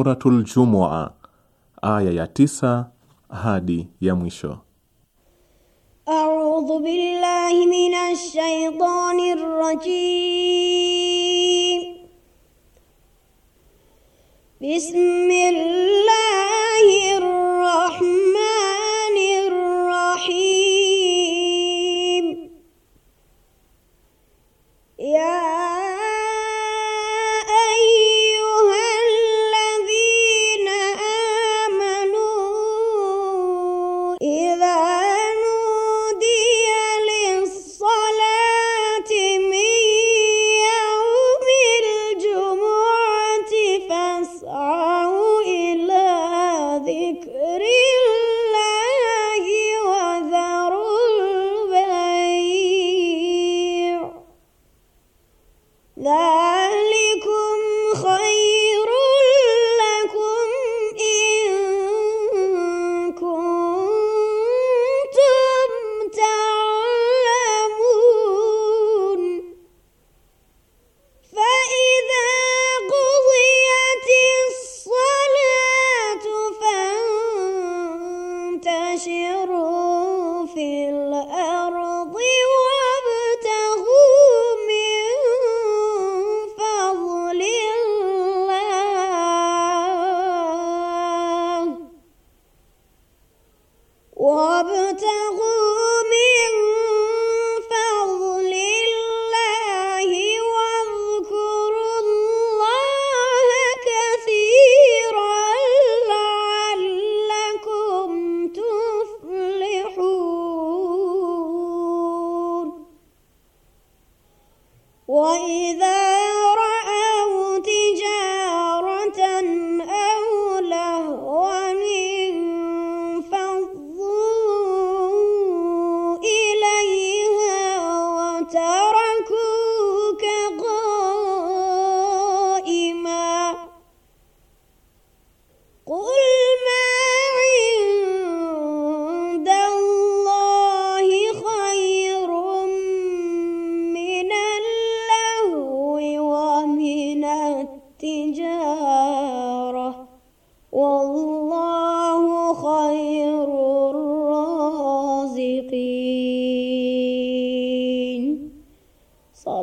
Suratul Jumua aya ya tisa hadi ya mwisho. A'udhu billahi minash shaitani rajim. Bismillah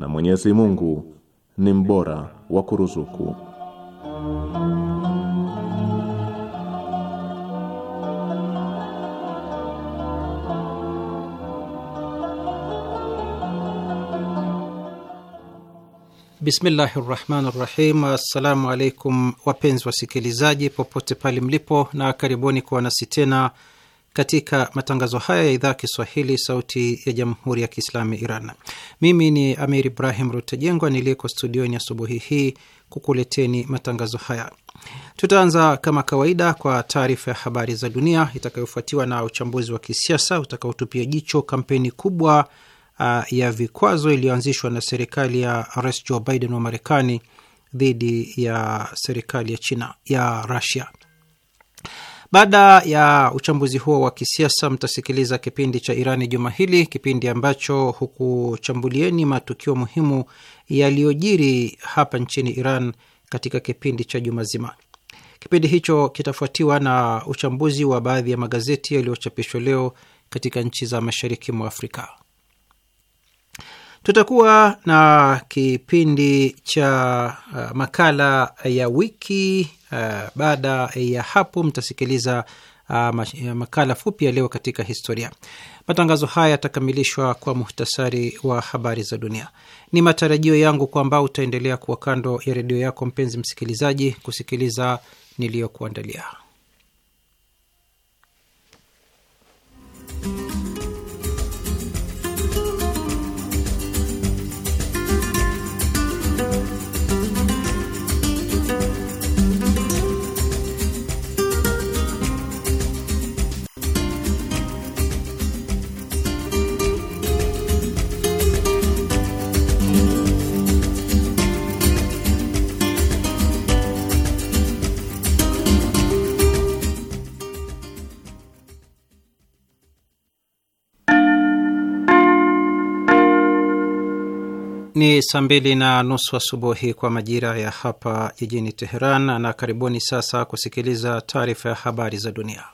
na Mwenyezi Mungu ni mbora wa kuruzuku. Bismillahi rahmani rahim. Assalamu alaikum wapenzi wasikilizaji, popote pale mlipo, na karibuni kuwa nasi tena katika matangazo haya ya idhaa Kiswahili sauti ya jamhuri ya kiislamu ya Iran. Mimi ni Amir Ibrahim Rutajengwa niliyeko studioni asubuhi hii kukuleteni matangazo haya. Tutaanza kama kawaida kwa taarifa ya habari za dunia itakayofuatiwa na uchambuzi wa kisiasa utakaotupia jicho kampeni kubwa uh, ya vikwazo iliyoanzishwa na serikali ya Rais Joe Biden wa Marekani dhidi ya serikali ya China ya Rusia. Baada ya uchambuzi huo wa kisiasa, mtasikiliza kipindi cha Irani juma hili, kipindi ambacho hukuchambulieni matukio muhimu yaliyojiri hapa nchini Iran katika kipindi cha juma zima. Kipindi hicho kitafuatiwa na uchambuzi wa baadhi ya magazeti yaliyochapishwa leo katika nchi za mashariki mwa Afrika. Tutakuwa na kipindi cha uh, makala ya wiki Uh, baada ya hapo mtasikiliza uh, makala fupi ya leo katika historia. Matangazo haya yatakamilishwa kwa muhtasari wa habari za dunia. Ni matarajio yangu kwamba utaendelea kuwa kando ya redio yako mpenzi msikilizaji, kusikiliza niliyokuandalia. Ni saa mbili na nusu asubuhi kwa majira ya hapa jijini Teheran, na karibuni sasa kusikiliza taarifa ya habari za dunia.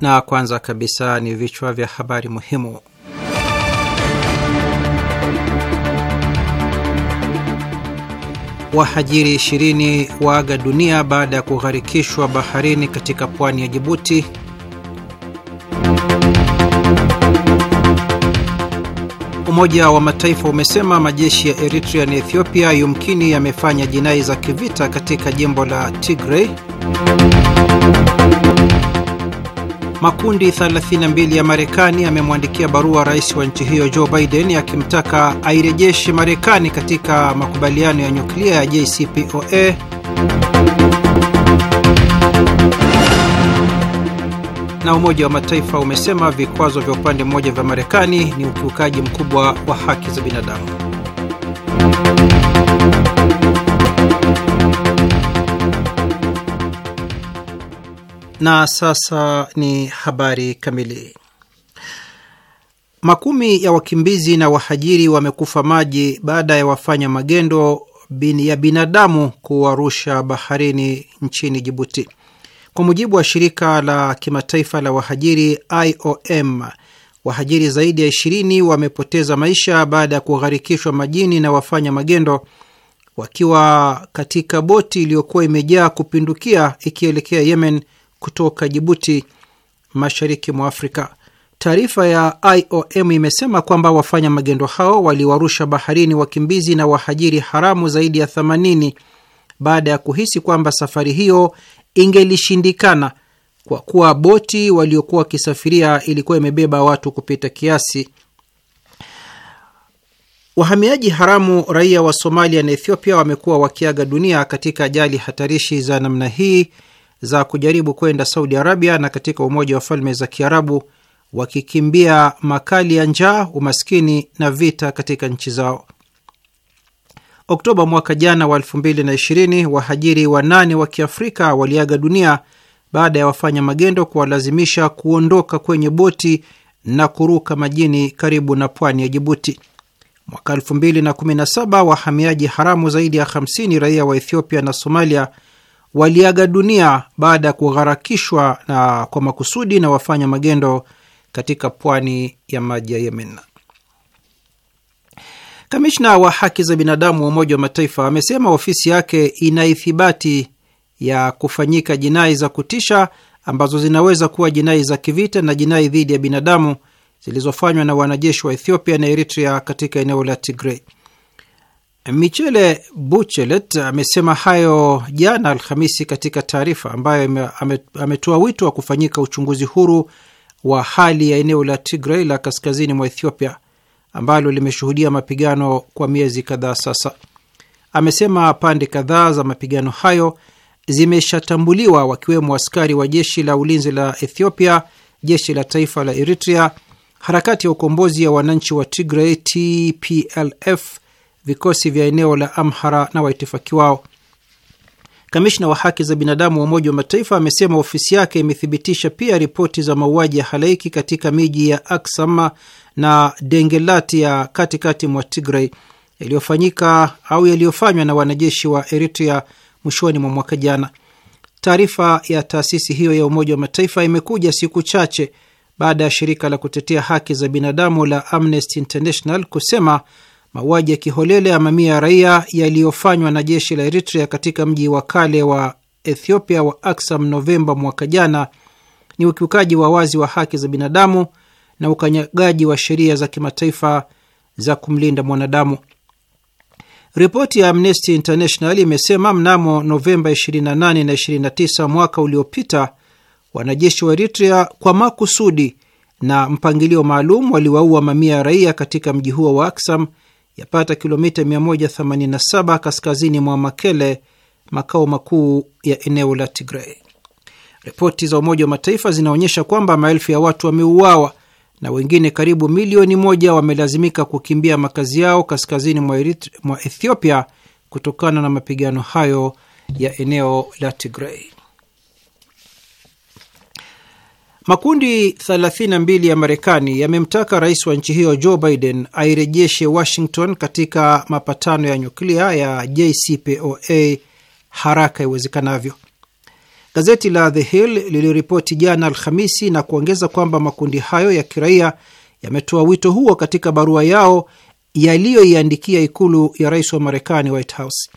Na kwanza kabisa ni vichwa vya habari muhimu. Wahajiri 20 waaga dunia baada ya kugharikishwa baharini katika pwani ya Jibuti. Umoja wa Mataifa umesema majeshi ya Eritrea na Ethiopia yumkini yamefanya jinai za kivita katika jimbo la Tigray. Makundi 32 ya Marekani yamemwandikia barua rais wa nchi hiyo Joe Biden akimtaka airejeshe Marekani katika makubaliano ya nyuklia ya JCPOA. Na Umoja wa Mataifa umesema vikwazo vya upande mmoja vya Marekani ni ukiukaji mkubwa wa haki za binadamu. Na sasa ni habari kamili. Makumi ya wakimbizi na wahajiri wamekufa maji baada ya wafanya magendo bin ya binadamu kuwarusha baharini nchini Jibuti. Kwa mujibu wa shirika la kimataifa la wahajiri IOM, wahajiri zaidi ya 20 wamepoteza maisha baada ya kugharikishwa majini na wafanya magendo wakiwa katika boti iliyokuwa imejaa kupindukia ikielekea Yemen kutoka Jibuti, mashariki mwa Afrika. Taarifa ya IOM imesema kwamba wafanya magendo hao waliwarusha baharini wakimbizi na wahajiri haramu zaidi ya 80 baada ya kuhisi kwamba safari hiyo ingelishindikana kwa kuwa boti waliokuwa wakisafiria ilikuwa imebeba watu kupita kiasi. Wahamiaji haramu raia wa Somalia na Ethiopia wamekuwa wakiaga dunia katika ajali hatarishi za namna hii za kujaribu kwenda Saudi Arabia na katika Umoja wa Falme za Kiarabu, wakikimbia makali ya njaa, umaskini na vita katika nchi zao. Oktoba mwaka jana wa 2020 wahajiri wanane wa Kiafrika waliaga dunia baada ya wafanya magendo kuwalazimisha kuondoka kwenye boti na kuruka majini karibu na pwani ya Jibuti. Mwaka 2017 wahamiaji haramu zaidi ya 50 raia wa Ethiopia na Somalia waliaga dunia baada ya kugharakishwa na kwa makusudi na wafanya magendo katika pwani ya maji ya Yemen. Kamishna wa haki za binadamu wa Umoja wa Mataifa amesema ofisi yake ina ithibati ya kufanyika jinai za kutisha ambazo zinaweza kuwa jinai za kivita na jinai dhidi ya binadamu zilizofanywa na wanajeshi wa Ethiopia na Eritrea katika eneo la Tigray. Michele buchelet amesema hayo jana Alhamisi katika taarifa ambayo ametoa wito wa kufanyika uchunguzi huru wa hali ya eneo la Tigray la kaskazini mwa Ethiopia ambalo limeshuhudia mapigano kwa miezi kadhaa sasa. Amesema pande kadhaa za mapigano hayo zimeshatambuliwa wakiwemo askari wa jeshi la ulinzi la Ethiopia, jeshi la taifa la Eritrea, harakati ya ukombozi ya wananchi wa Tigray TPLF vikosi vya eneo la Amhara na waitifaki wao. Kamishna wa haki za binadamu wa Umoja wa Mataifa amesema ofisi yake imethibitisha pia ripoti za mauaji ya halaiki katika miji ya Aksama na Dengelati ya katikati mwa Tigray yaliyofanyika au yaliyofanywa na wanajeshi wa Eritrea mwishoni mwa mwaka jana. Taarifa ya taasisi hiyo ya Umoja wa Mataifa imekuja siku chache baada ya shirika la kutetea haki za binadamu la Amnesty International kusema Mauaji ya kiholela ya mamia ya raia yaliyofanywa na jeshi la Eritrea katika mji wa kale wa Ethiopia wa Aksam Novemba mwaka jana ni ukiukaji wa wazi wa haki za binadamu na ukanyagaji wa sheria za kimataifa za kumlinda mwanadamu. Ripoti ya Amnesty International imesema mnamo Novemba 28 na 29 mwaka uliopita wanajeshi wa Eritrea kwa makusudi na mpangilio maalum waliwaua mamia ya raia katika mji huo wa Aksum yapata kilomita 187 kaskazini mwa Makele, makao makuu ya eneo la Tigrei. Ripoti za Umoja wa Mataifa zinaonyesha kwamba maelfu ya watu wameuawa na wengine karibu milioni moja wamelazimika kukimbia makazi yao kaskazini mwa Ethiopia kutokana na mapigano hayo ya eneo la Tigrei. Makundi 32 ya Marekani yamemtaka rais wa nchi hiyo Joe Biden airejeshe Washington katika mapatano ya nyuklia ya JCPOA haraka iwezekanavyo. Gazeti la The Hill liliripoti jana Alhamisi na kuongeza kwamba makundi hayo ya kiraia yametoa wito huo katika barua yao yaliyoiandikia ikulu ya rais wa Marekani, White House.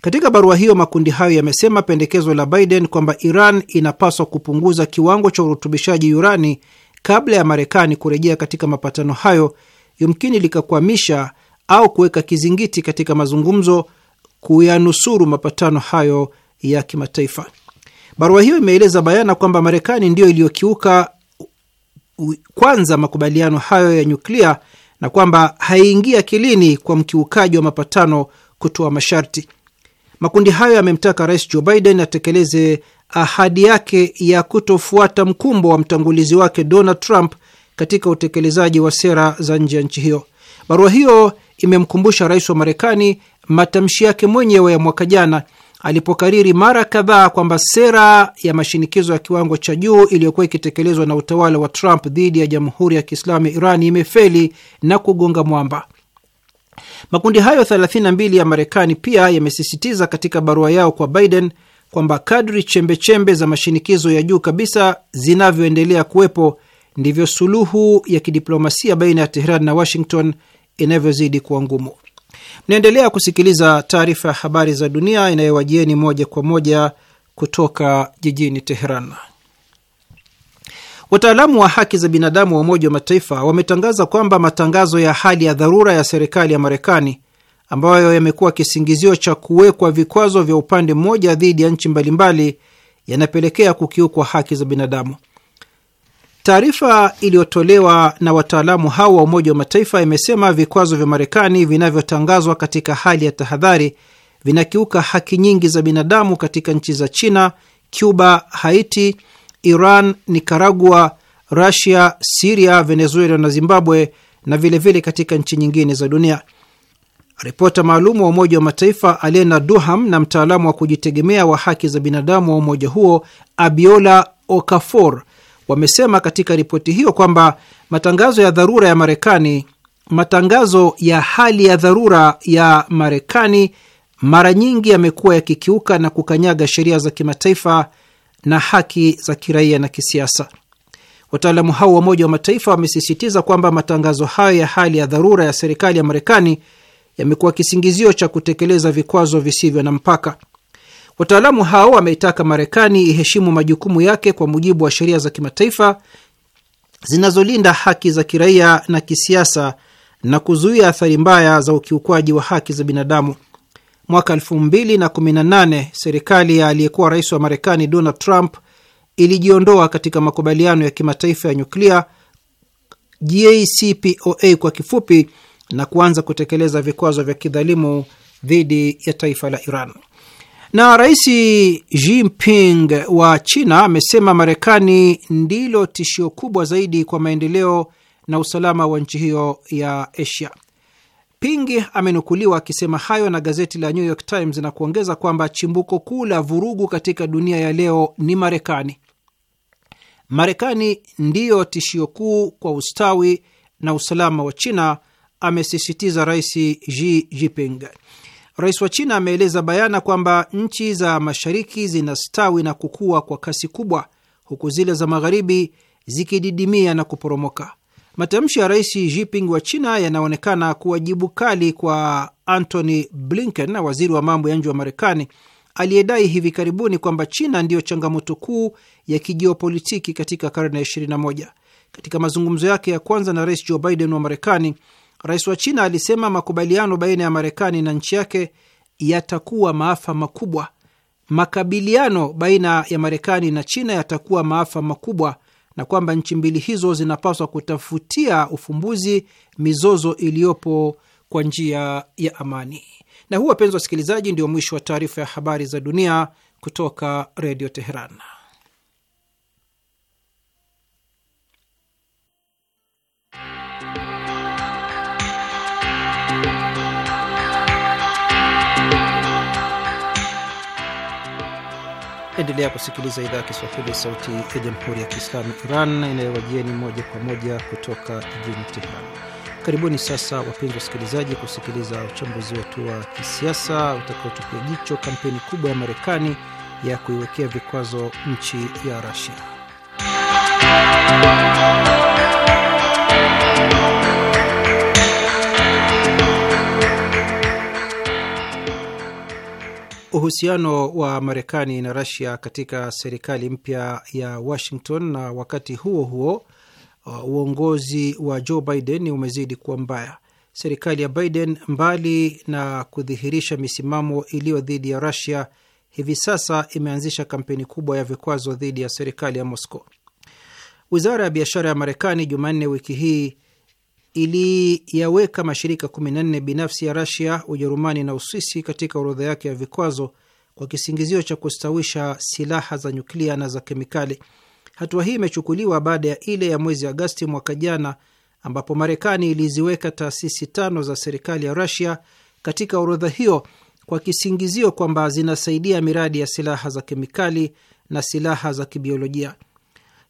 Katika barua hiyo, makundi hayo yamesema pendekezo la Biden kwamba Iran inapaswa kupunguza kiwango cha urutubishaji urani kabla ya Marekani kurejea katika mapatano hayo yumkini likakwamisha au kuweka kizingiti katika mazungumzo kuyanusuru mapatano hayo ya kimataifa. Barua hiyo imeeleza bayana kwamba Marekani ndiyo iliyokiuka kwanza makubaliano hayo ya nyuklia na kwamba haiingia akilini kwa mkiukaji wa mapatano kutoa masharti. Makundi hayo yamemtaka Rais Joe Biden atekeleze ahadi yake ya kutofuata mkumbo wa mtangulizi wake Donald Trump katika utekelezaji wa sera za nje ya nchi hiyo. Barua hiyo imemkumbusha rais wa Marekani matamshi yake mwenyewe ya mwaka jana alipokariri mara kadhaa kwamba sera ya mashinikizo ya kiwango cha juu iliyokuwa ikitekelezwa na utawala wa Trump dhidi ya Jamhuri ya Kiislamu ya Iran imefeli na kugonga mwamba. Makundi hayo 32 ya Marekani pia yamesisitiza katika barua yao kwa Biden kwamba kadri chembechembe za mashinikizo ya juu kabisa zinavyoendelea kuwepo ndivyo suluhu ya kidiplomasia baina ya Tehran na Washington inavyozidi kuwa ngumu. Mnaendelea kusikiliza taarifa ya habari za dunia inayowajieni moja kwa moja kutoka jijini Teheran. Wataalamu wa haki za binadamu wa Umoja wa Mataifa wametangaza kwamba matangazo ya hali ya dharura ya serikali ya Marekani ambayo yamekuwa kisingizio cha kuwekwa vikwazo vya upande mmoja dhidi ya nchi mbalimbali yanapelekea kukiukwa haki za binadamu. Taarifa iliyotolewa na wataalamu hao wa Umoja wa Mataifa imesema vikwazo vya Marekani vinavyotangazwa katika hali ya tahadhari vinakiuka haki nyingi za binadamu katika nchi za China, Cuba, Haiti, Iran, Nicaragua, Russia, Siria, Venezuela na Zimbabwe, na vilevile vile katika nchi nyingine za dunia. Ripota maalum wa Umoja wa Mataifa Alena Duham na mtaalamu wa kujitegemea wa haki za binadamu wa umoja huo Abiola Okafor wamesema katika ripoti hiyo kwamba matangazo ya dharura ya Marekani, matangazo ya hali ya dharura ya Marekani mara nyingi yamekuwa yakikiuka na kukanyaga sheria za kimataifa na haki za kiraia na kisiasa. Wataalamu hao wa Umoja wa Mataifa wamesisitiza kwamba matangazo hayo ya hali ya dharura ya serikali ya Marekani yamekuwa kisingizio cha kutekeleza vikwazo visivyo na mpaka. Wataalamu hao wameitaka Marekani iheshimu majukumu yake kwa mujibu wa sheria za kimataifa zinazolinda haki za kiraia na kisiasa na kuzuia athari mbaya za ukiukwaji wa haki za binadamu mwaka 2018 serikali ya aliyekuwa rais wa Marekani Donald Trump ilijiondoa katika makubaliano ya kimataifa ya nyuklia JCPOA kwa kifupi, na kuanza kutekeleza vikwazo vya kidhalimu dhidi ya taifa la Iran. Na Rais Xi Jinping wa China amesema Marekani ndilo tishio kubwa zaidi kwa maendeleo na usalama wa nchi hiyo ya Asia. Pingi amenukuliwa akisema hayo na gazeti la New York Times na kuongeza kwamba chimbuko kuu la vurugu katika dunia ya leo ni Marekani. Marekani ndiyo tishio kuu kwa ustawi na usalama wa China, amesisitiza Rais Xi Jinping. Rais wa China ameeleza bayana kwamba nchi za mashariki zinastawi na kukua kwa kasi kubwa, huku zile za magharibi zikididimia na kuporomoka. Matamshi ya Rais Jinping wa China yanaonekana kuwa jibu kali kwa Antony Blinken, waziri wa mambo ya nje wa Marekani, aliyedai hivi karibuni kwamba China ndiyo changamoto kuu ya kijiopolitiki katika karne ya 21. Katika mazungumzo yake ya kwanza na Rais Joe Biden wa Marekani, rais wa China alisema makubaliano baina ya Marekani na nchi yake yatakuwa maafa makubwa. Makabiliano baina ya Marekani na China yatakuwa maafa makubwa na kwamba nchi mbili hizo zinapaswa kutafutia ufumbuzi mizozo iliyopo kwa njia ya amani. Na huu, wapenzi wasikilizaji, ndio mwisho wa taarifa ya habari za dunia kutoka Redio Teheran. Endelea kusikiliza idhaa ya Kiswahili, sauti ya jamhuri ya kiislamu Iran inayowajieni moja kwa moja kutoka jijini Tehran. Karibuni sasa, wapenzi wasikilizaji, kusikiliza uchambuzi wetu wa kisiasa utakaotupia jicho kampeni kubwa ya Marekani ya kuiwekea vikwazo nchi ya Rasia. Uhusiano wa Marekani na Rasia katika serikali mpya ya Washington na wakati huo huo uh, uongozi wa Joe Biden umezidi kuwa mbaya. Serikali ya Biden, mbali na kudhihirisha misimamo iliyo dhidi ya Rasia, hivi sasa imeanzisha kampeni kubwa ya vikwazo dhidi ya serikali ya Moscow. Wizara ya biashara ya Marekani Jumanne wiki hii iliyaweka mashirika 14 binafsi ya Rasia, Ujerumani na Uswisi katika orodha yake ya vikwazo kwa kisingizio cha kustawisha silaha za nyuklia na za kemikali. Hatua hii imechukuliwa baada ya ile ya mwezi Agasti mwaka jana ambapo Marekani iliziweka taasisi tano za serikali ya Rasia katika orodha hiyo kwa kisingizio kwamba zinasaidia miradi ya silaha za kemikali na silaha za kibiolojia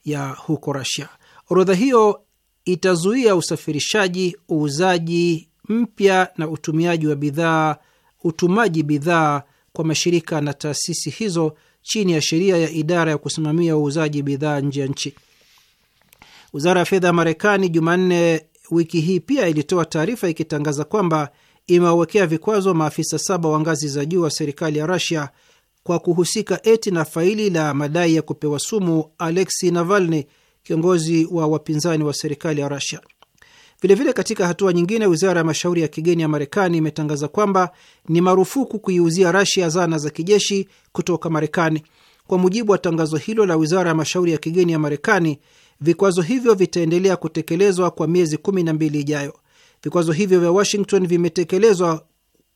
ya huko Rasia. Orodha hiyo itazuia usafirishaji, uuzaji mpya na utumiaji wa bidhaa, utumaji bidhaa kwa mashirika na taasisi hizo chini ya sheria ya idara ya kusimamia uuzaji bidhaa nje ya nchi. Wizara ya fedha ya Marekani Jumanne wiki hii pia ilitoa taarifa ikitangaza kwamba imewawekea vikwazo maafisa saba wa ngazi za juu wa serikali ya Russia kwa kuhusika eti na faili la madai ya kupewa sumu Alexei Navalny, kiongozi wa wapinzani wa serikali ya Rusia. Vilevile, katika hatua nyingine, wizara ya mashauri ya kigeni ya Marekani imetangaza kwamba ni marufuku kuiuzia Rusia zana za kijeshi kutoka Marekani. Kwa mujibu wa tangazo hilo la wizara ya mashauri ya kigeni ya Marekani, vikwazo hivyo vitaendelea kutekelezwa kwa miezi kumi na mbili ijayo. Vikwazo hivyo vya Washington vimetekelezwa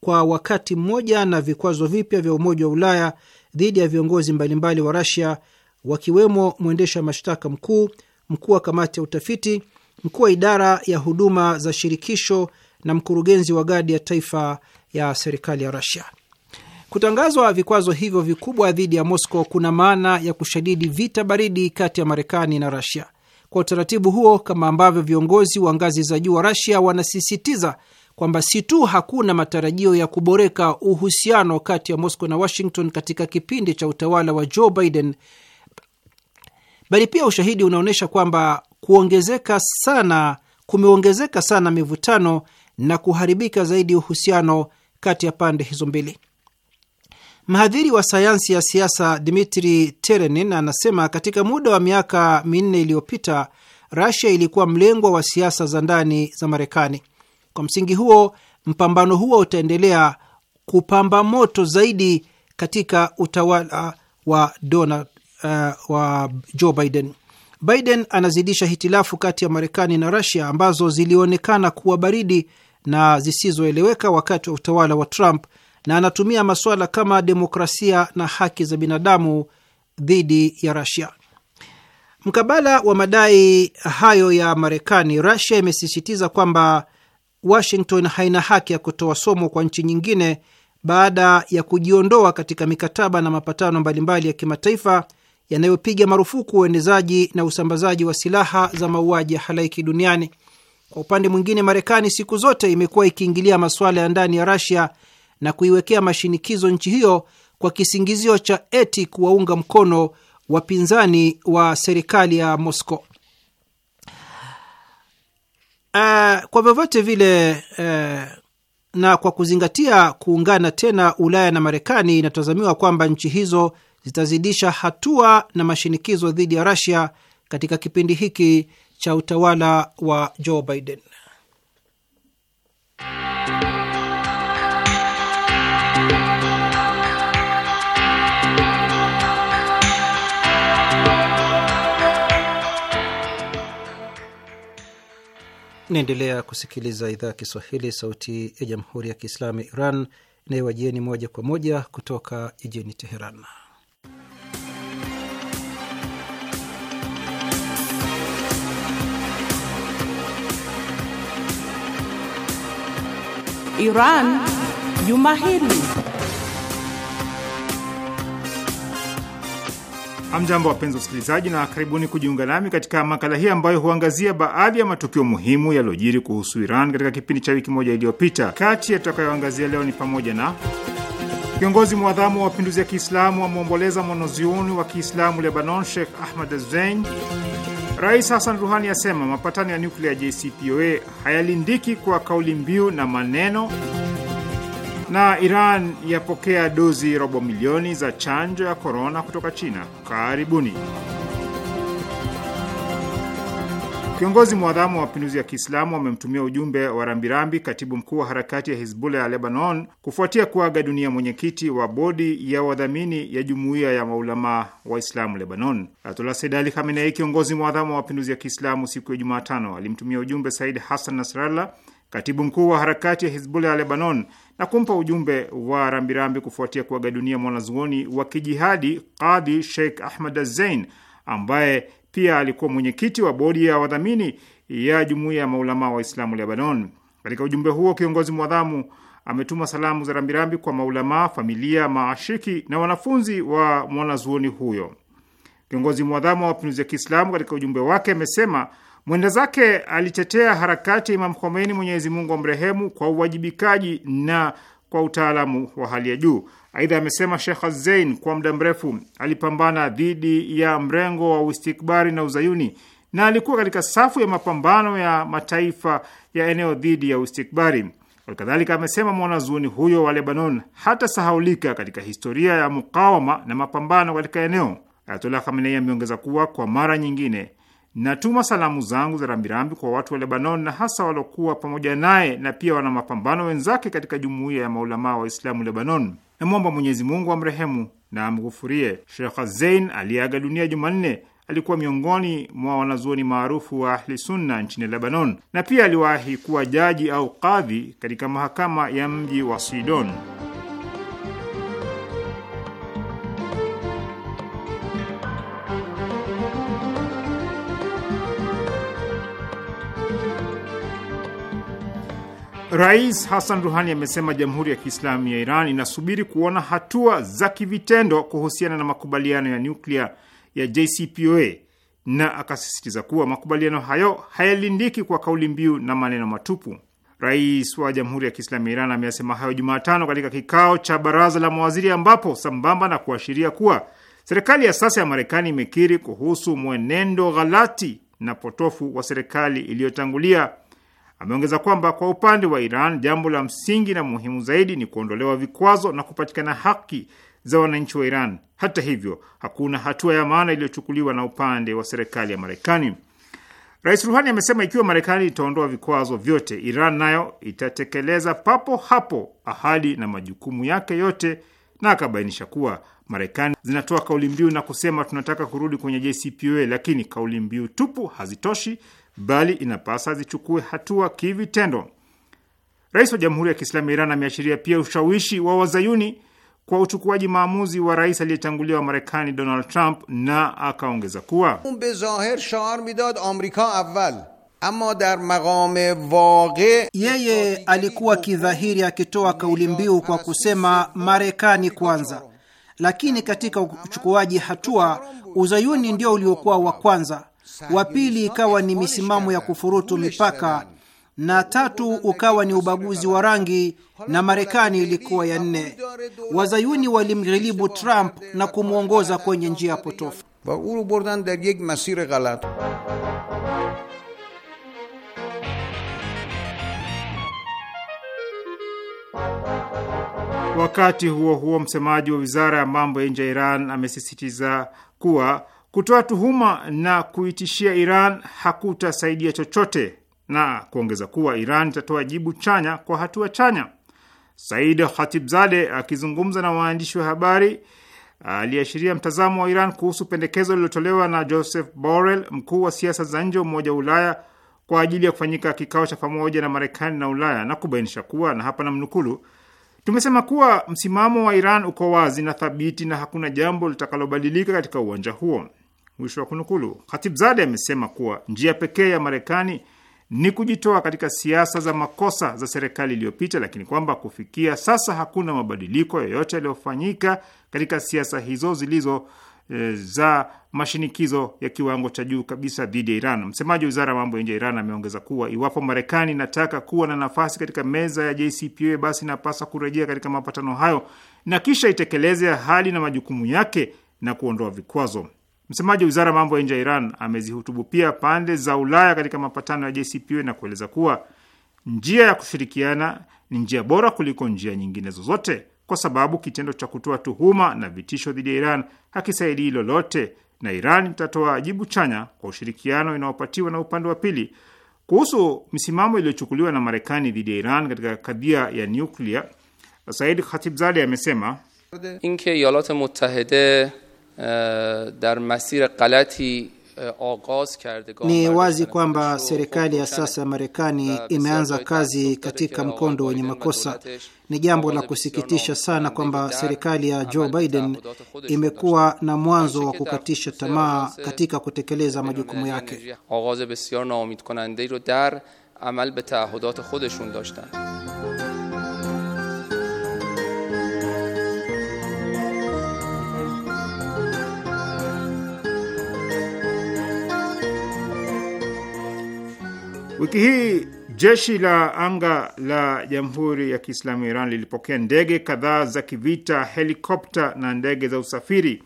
kwa wakati mmoja na vikwazo vipya vya Umoja wa Ulaya dhidi ya viongozi mbalimbali wa Rusia wakiwemo mwendesha mashtaka mkuu, mkuu wa kamati ya utafiti, mkuu wa idara ya huduma za shirikisho na mkurugenzi wa gadi ya taifa ya serikali ya Rusia. Kutangazwa vikwazo hivyo vikubwa dhidi ya Moscow kuna maana ya kushadidi vita baridi kati ya Marekani na rasia Kwa utaratibu huo, kama ambavyo viongozi wa ngazi za juu wa Russia wanasisitiza kwamba si tu hakuna matarajio ya kuboreka uhusiano kati ya Moscow na Washington katika kipindi cha utawala wa Joe Biden, bali pia ushahidi unaonyesha kwamba kuongezeka sana kumeongezeka sana mivutano na kuharibika zaidi uhusiano kati ya pande hizo mbili. Mhadhiri wa sayansi ya siasa Dmitri Terenin anasema katika muda wa miaka minne iliyopita, Rasia ilikuwa mlengwa wa siasa za ndani za Marekani. Kwa msingi huo, mpambano huo utaendelea kupamba moto zaidi katika utawala wa Donald uh, wa Joe Biden. Biden anazidisha hitilafu kati ya Marekani na Russia ambazo zilionekana kuwa baridi na zisizoeleweka wakati wa utawala wa Trump na anatumia masuala kama demokrasia na haki za binadamu dhidi ya Russia. Mkabala wa madai hayo ya Marekani, Russia imesisitiza kwamba Washington haina haki ya kutoa somo kwa nchi nyingine baada ya kujiondoa katika mikataba na mapatano mbalimbali ya kimataifa yanayopiga marufuku uenezaji na usambazaji wa silaha za mauaji ya halaiki duniani. Kwa upande mwingine, Marekani siku zote imekuwa ikiingilia masuala ya ndani ya Rasia na kuiwekea mashinikizo nchi hiyo kwa kisingizio cha eti kuwaunga mkono wapinzani wa serikali ya Moscow. Uh, kwa vyovyote vile uh, na kwa kuzingatia kuungana tena Ulaya na Marekani, inatazamiwa kwamba nchi hizo zitazidisha hatua na mashinikizo dhidi ya rasia katika kipindi hiki cha utawala wa Joe Biden. Naendelea kusikiliza idhaa ya Kiswahili, sauti ya jamhuri ya kiislamu ya Iran inayowajieni moja kwa moja kutoka jijini Teheran. Iran juma hili. Hamjambo, wapenzi wasikilizaji, na karibuni kujiunga nami katika makala hii ambayo huangazia baadhi ya matukio muhimu yaliyojiri kuhusu Iran katika kipindi cha wiki moja iliyopita. Kati ya tutakayoangazia leo ni pamoja na Kiongozi mwadhamu wa mapinduzi ya Kiislamu amwomboleza mwanazuoni wa Kiislamu Lebanon, Sheikh Ahmad zein Rais Hassan Ruhani asema mapatano ya nyuklia JCPOA hayalindiki kwa kauli mbiu na maneno, na Iran yapokea dozi robo milioni za chanjo ya korona kutoka China. Karibuni. Kiongozi mwadhamu wa mapinduzi ya Kiislamu wamemtumia ujumbe wa rambirambi katibu mkuu wa harakati ya Hizbullah ya Lebanon kufuatia kuaga dunia mwenyekiti wa bodi ya wadhamini ya jumuiya ya maulamaa Waislamu Lebanon. Ayatullah Said Ali Khamenei, kiongozi mwadhamu wa mapinduzi ya Kiislamu, siku ya Jumatano alimtumia ujumbe Said Hassan Nasrallah, katibu mkuu wa harakati ya Hizbullah ya Lebanon, na kumpa ujumbe wa rambirambi kufuatia kuaga dunia mwanazuoni wa kijihadi Qadhi Sheikh Ahmad Azein ambaye pia alikuwa mwenyekiti wa bodi ya wadhamini ya jumuiya ya maulamaa Waislamu Lebanon. Katika ujumbe huo, kiongozi mwadhamu ametuma salamu za rambirambi kwa maulamaa, familia, maashiki na wanafunzi wa mwanazuoni huyo. Kiongozi mwadhamu wa mapinduzi ya Kiislamu katika ujumbe wake amesema mwenda zake alitetea harakati ya Imam Khomeini, Mwenyezi Mungu amrehemu, kwa uwajibikaji na kwa utaalamu wa hali ya juu. Aidha amesema Shekh zein kwa muda mrefu alipambana dhidi ya mrengo wa uistikbari na uzayuni na alikuwa katika safu ya mapambano ya mataifa ya eneo dhidi ya uistikbari. Alkadhalika amesema mwanazuoni huyo wa Lebanon hatasahaulika katika historia ya mukawama na mapambano katika eneo. Ayatollah Khamenei ameongeza kuwa kwa mara nyingine Natuma salamu zangu za rambirambi kwa watu wa Lebanon na hasa waliokuwa pamoja naye na pia wana mapambano wenzake katika jumuiya ya maulamaa Waislamu Lebanon. Namwomba Mwenyezi Mungu amrehemu na amghufurie. Shekh Zein aliyeaga dunia Jumanne alikuwa miongoni mwa wanazuoni maarufu wa Ahli Sunna nchini Lebanon, na pia aliwahi kuwa jaji au kadhi katika mahakama ya mji wa Sidon. Rais Hassan Ruhani amesema Jamhuri ya Kiislamu ya Iran inasubiri kuona hatua za kivitendo kuhusiana na makubaliano ya nyuklia ya JCPOA na akasisitiza kuwa makubaliano hayo hayalindiki kwa kauli mbiu na maneno matupu. Rais wa Jamhuri ya Kiislamu ya Iran ameyasema hayo Jumatano katika kikao cha baraza la mawaziri, ambapo sambamba na kuashiria kuwa serikali ya sasa ya Marekani imekiri kuhusu mwenendo ghalati na potofu wa serikali iliyotangulia Ameongeza kwamba kwa upande wa Iran, jambo la msingi na muhimu zaidi ni kuondolewa vikwazo na kupatikana haki za wananchi wa Iran. Hata hivyo, hakuna hatua ya maana iliyochukuliwa na upande wa serikali ya Marekani. Rais Ruhani amesema ikiwa Marekani itaondoa vikwazo vyote, Iran nayo itatekeleza papo hapo ahadi na majukumu yake yote, na akabainisha kuwa Marekani zinatoa kauli mbiu na kusema tunataka kurudi kwenye JCPOA, lakini kauli mbiu tupu hazitoshi bali inapasa zichukue hatua kivitendo. Rais wa Jamhuri ya Kiislamu ya Iran ameashiria pia ushawishi wa wazayuni kwa uchukuaji maamuzi wa rais aliyetangulia wa Marekani Donald Trump, na akaongeza kuwa bezahir shar midad awal ama dar maqame yeye alikuwa kidhahiri akitoa kauli mbiu kwa kusema Marekani kwanza, lakini katika uchukuaji hatua uzayuni ndio uliokuwa wa kwanza wa pili ikawa ni misimamo ya kufurutu mipaka, na tatu ukawa ni ubaguzi wa rangi, na Marekani ilikuwa ya nne. Wazayuni walimghilibu Trump na kumwongoza kwenye njia potofu. Wakati huo huo, msemaji wa wizara ya mambo ya nje ya Iran amesisitiza kuwa Kutoa tuhuma na kuitishia Iran hakutasaidia chochote, na kuongeza kuwa Iran itatoa jibu chanya kwa hatua chanya. Said Khatibzade akizungumza na waandishi wa habari aliashiria mtazamo wa Iran kuhusu pendekezo lililotolewa na Joseph Borrell, mkuu wa siasa za nje wa Umoja wa Ulaya, kwa ajili ya kufanyika kikao cha pamoja na Marekani na Ulaya na kubainisha kuwa, na hapa namnukulu, tumesema kuwa msimamo wa Iran uko wazi na thabiti na hakuna jambo litakalobadilika katika uwanja huo. Mwisho wa kunukulu. Khatibzade amesema kuwa njia pekee ya Marekani ni kujitoa katika siasa za makosa za serikali iliyopita, lakini kwamba kufikia sasa hakuna mabadiliko yoyote yaliyofanyika katika siasa hizo zilizo eh, za mashinikizo ya kiwango cha juu kabisa dhidi ya Iran. Msemaji wa wizara ya mambo ya nje ya Iran ameongeza kuwa iwapo Marekani inataka kuwa na nafasi katika meza ya JCPOA, basi inapaswa kurejea katika mapatano hayo na kisha itekeleze ahadi na majukumu yake na kuondoa vikwazo. Msemaji wa wizara ya mambo ya nje ya Iran amezihutubu pia pande za Ulaya katika mapatano ya JCPOA na kueleza kuwa njia ya kushirikiana ni njia bora kuliko njia nyingine zozote, kwa sababu kitendo cha kutoa tuhuma na vitisho dhidi ya Iran hakisaidii lolote na Iran itatoa jibu chanya kwa ushirikiano inaopatiwa na upande wa pili. Kuhusu misimamo iliyochukuliwa na Marekani dhidi ya Iran katika kadhia ya nyuklia, Said Khatibzadeh amesema inke در masir qalati ni wazi kwamba serikali ya sasa ya Marekani imeanza kazi katika mkondo wenye makosa. Ni jambo la kusikitisha sana kwamba serikali ya Joe Biden imekuwa na mwanzo wa kukatisha tamaa katika kutekeleza majukumu yake. Wiki hii jeshi la anga la Jamhuri ya Kiislamu ya Iran lilipokea ndege kadhaa za kivita, helikopta na ndege za usafiri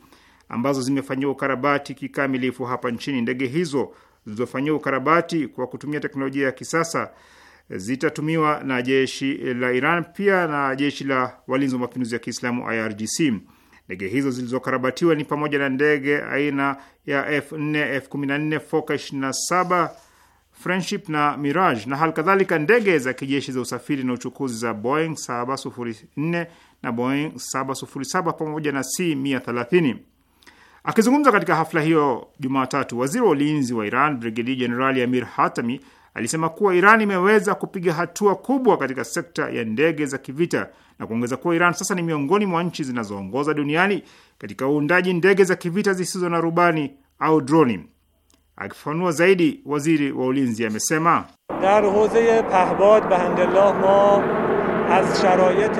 ambazo zimefanyiwa ukarabati kikamilifu hapa nchini. Ndege hizo zilizofanyiwa ukarabati kwa kutumia teknolojia ya kisasa zitatumiwa na jeshi la Iran pia na jeshi la walinzi wa mapinduzi ya Kiislamu IRGC. Ndege hizo zilizokarabatiwa ni pamoja na ndege aina ya F4, F14, Foka 27 Friendship na Mirage na hali kadhalika ndege za kijeshi za usafiri na uchukuzi za Boeing 704 na Boeing 707 pamoja na C130. Akizungumza katika hafla hiyo Jumatatu, waziri wa ulinzi wa Iran Brigadier Jenerali Amir Hatami alisema kuwa Iran imeweza kupiga hatua kubwa katika sekta ya ndege za kivita na kuongeza kuwa Iran sasa ni miongoni mwa nchi zinazoongoza duniani katika uundaji ndege za kivita zisizo na rubani au droni. اگفانو زیدی وزیر و اولینزی در حوزه پهباد به ما از شرایط